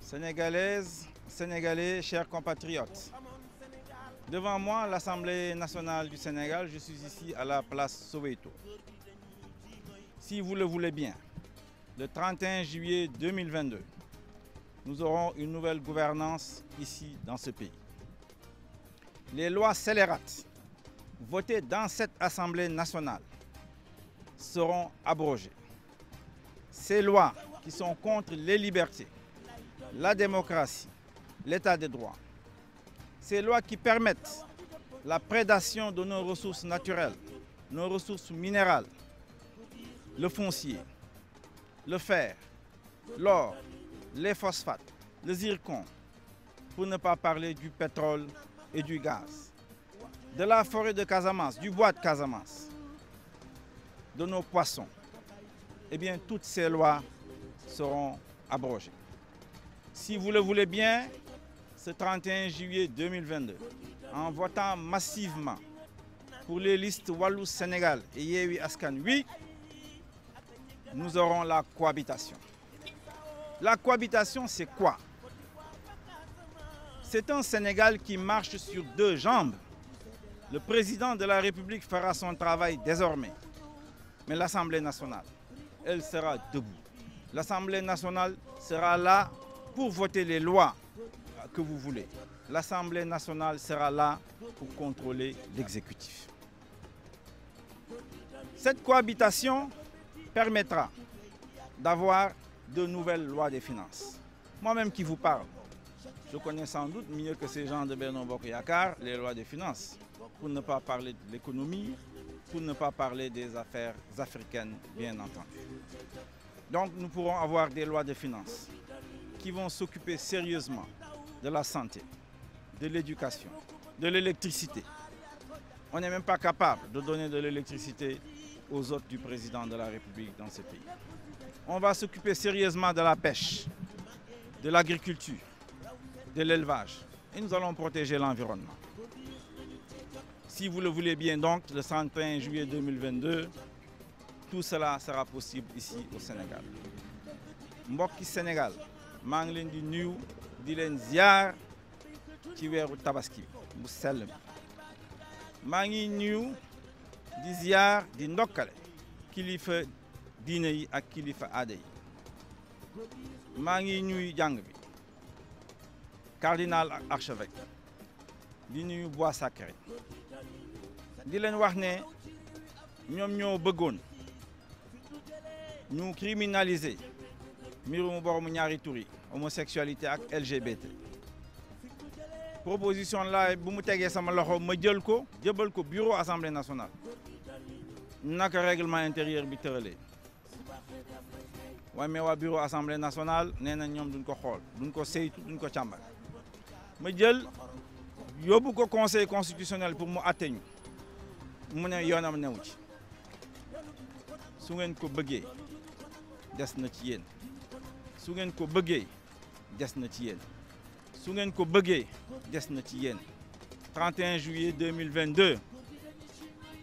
Sénégalaises, Sénégalais, chers compatriotes. Devant moi, l'Assemblée nationale du Sénégal, je suis ici à la place Soweto. Si vous le voulez bien, le 31 juillet 2022, nous aurons une nouvelle gouvernance ici dans ce pays. Les lois scélérates votées dans cette Assemblée nationale seront abrogées. Ces lois qui sont contre les libertés, la démocratie, l'état de droit, ces lois qui permettent la prédation de nos ressources naturelles, nos ressources minérales, le foncier, le fer, l'or, les phosphates, le zircon, pour ne pas parler du pétrole et du gaz, de la forêt de Casamance, du bois de Casamance, de nos poissons, eh bien, toutes ces lois seront abrogées. Si vous le voulez bien, ce 31 juillet 2022, en votant massivement pour les listes Wallou-Sénégal et Yewi Askan, oui, nous aurons la cohabitation. La cohabitation, c'est quoi C'est un Sénégal qui marche sur deux jambes. Le président de la République fera son travail désormais. Mais l'Assemblée nationale, elle sera debout. L'Assemblée nationale sera là pour voter les lois que vous voulez. L'Assemblée nationale sera là pour contrôler l'exécutif. Cette cohabitation permettra d'avoir de nouvelles lois des finances. Moi-même qui vous parle, je connais sans doute mieux que ces gens de Bernard Bokoyakar les lois des finances, pour ne pas parler de l'économie, pour ne pas parler des affaires africaines, bien entendu. Donc nous pourrons avoir des lois de finances qui vont s'occuper sérieusement de la santé, de l'éducation, de l'électricité. On n'est même pas capable de donner de l'électricité aux autres du président de la République dans ce pays. On va s'occuper sérieusement de la pêche, de l'agriculture, de l'élevage et nous allons protéger l'environnement si vous le voulez bien, donc le 31 juillet 2022, tout cela sera possible ici au Sénégal. mbokki Sénégal Manglin ngi leen di ziar tabaski bu sell bi Dinokale ngi nuyu di ziar di ndokkale Yangvi, cardinal archevêque Dinu bois sacré di leen wax ne ñoom ñoo bëggoon ñu criminaliser mbirum boromu ñaari tur yi homosexualité ak LGBT proposition la bu mu tegee sama loxo ma jël ko jëbal ko bureau assemblée nationale naka règlement intérieur bi tëralee waaye mais waa bureau assemblée nationale nee na ñoom duñ ko xool duñ ko saytu duñ ko càmbar ma jël yóbbu ko conseil constitutionnel pour mu àtte mu ne yoonam newu ci su ngeen ko bëggee des na ci yéen su ngeen ko bëggee des na ci yéen su ngeen ko bëggee des na ci yéen 31 juillet 2022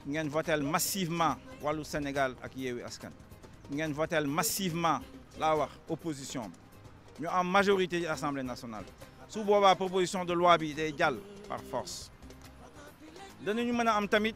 ngeen votel massivement walu Sénégal ak Yewwi Askan ngeen votel massivement laa wax opposition ñu majorité ci Assemblée nationale su boobaa proposition de loi bi day jàll par force danañu mën a am tamit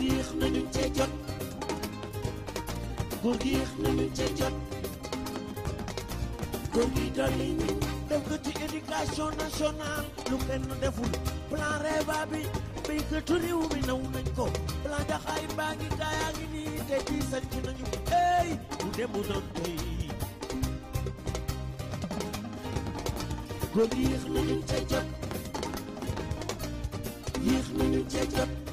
gi nañu cee jot góor gi yéex nañu cee jot góor gi dolli ñu def ko ci éducation nationale lu kenn deful plan REVA bi béykatu réew mi naw nañ ko plan Jaxaay mbaa ngi gaayaa ngi nii te ji sanc nañu ey bu demu doon tey góor gi nañu cee jot nañu cee